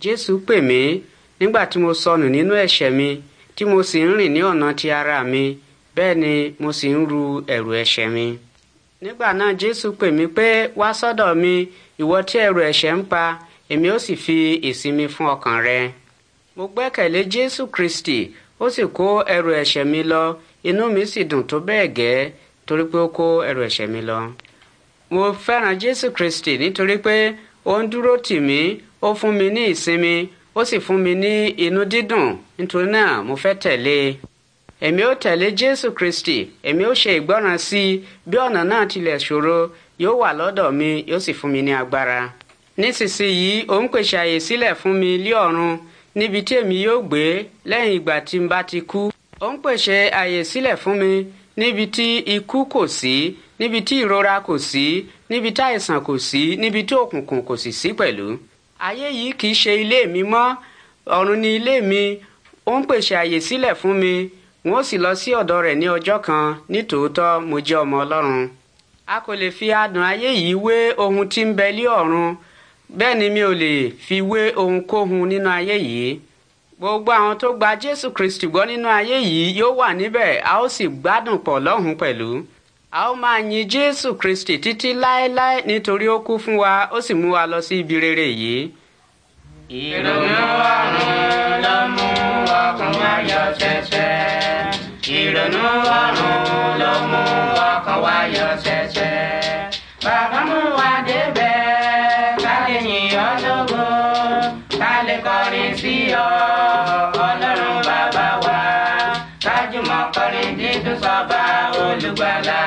jésù pè mí nígbà tí mo sọnù nínú ẹ̀ṣẹ̀ mi tí mo sì ń rìn ní ọ̀nà ti ara mi bẹ́ẹ̀ ni mo sì ń ru ẹ̀rù ẹ̀ṣẹ̀ mi. nígbà náà jésù pè mí pé wá sọ́dọ̀ mi ìwọ tí ẹ̀rù ẹ̀ṣẹ̀ ń pa èmi ó sì fi ìsinmi fún ọkàn rẹ. mo gbẹ́kẹ̀lé jésù kristi ó sì kó ẹ̀rù ẹ̀ṣẹ̀ mi lọ inú mi sì dùn tó bẹ́ẹ̀ gẹ́ torí pé ó kó ẹ̀rù ẹ̀ṣẹ̀ mi lọ. mo fẹ́ràn jésù kristi nítorí pé ó ń dúró tì mí ó fún mi ní ìsinmi ó sì fún mi ní inú dídùn nítorí náà mo fẹ́ tẹ̀lé e èmi ó tẹ̀lé Jésù Kristi èmi ó ṣe ìgbọ́ràn sí i bí ọ̀nà náà tilẹ̀ ṣòro yóò wà lọ́dọ̀ mi yóò sì fún mi ní agbára nísinsìnyí ó ń pèsè àyè sílẹ̀ fún mi lí ọ̀run níbi tí èmi yóò gbé lẹ́yìn ìgbà tí n bá ti kú ó ń pèsè àyè sílẹ̀ fún mi níbi tí ikú kò sí níbi tí ìrora kò sí níbi tí àìsàn kò sí níbi tí òkùnkùn kò sì sí pẹ̀lú ayé yìí kì í ṣe ilé mi mọ́ ọ̀run ni ilé mi ó ń pèsè àyè sílẹ̀ fún mi n ó sì lọ sí ọ̀dọ̀ rẹ̀ ní ọjọ́ kan ní tòótọ́ mo jẹ́ ọmọ ọlọ́run. a kò lè fi adùn ayé yìí wé ohun tí ń bẹ lí ọ̀run bẹ́ẹ̀ ni mi ò lè fi wé ohunkóhun nínú ayé yìí. gbogbo àwọn tó gba jésù kristi gbọ́ nínú ayé yìí yóò wà níbẹ̀ a ó sì gbádùn pọ̀ lọ́hùn-ún pẹ̀lú. a ó máa yin jésù kristi títí láéláé nítorí ó kú fún wa ó sì mú wa lọ sí ibi rere yìí. ìrònú ọ̀run ló mú ọkàn wa yọ ṣẹ̀ṣẹ̀. ìrònú ọ̀run ló mú ọkàn wa yọ ṣẹ̀ṣẹ̀. bàbá mú wa débẹ̀ ká lè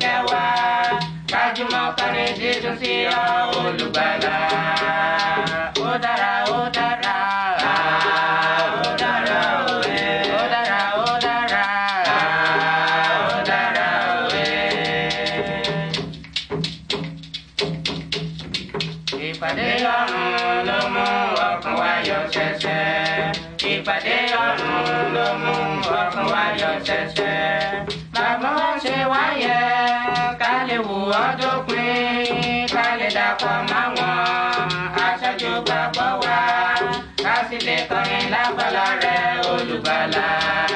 kẹwàá kájúmọ́ kárí jésù sí ọ olùgbàlà ó dára ó dára. ìpàdé ọ̀run ló mú ọkàn wa yọ ṣẹ̀ṣẹ̀. ìpàdé ọ̀run ló mú yọ ṣẹ̀ṣẹ̀. ṣe wáyé ká lè wù ọ́ dópin ká lè dàpọ̀ máwọn aṣáájú gbàgbọ́ wa ká sì lè kọrin lágbàlá rẹ olùgbàlà.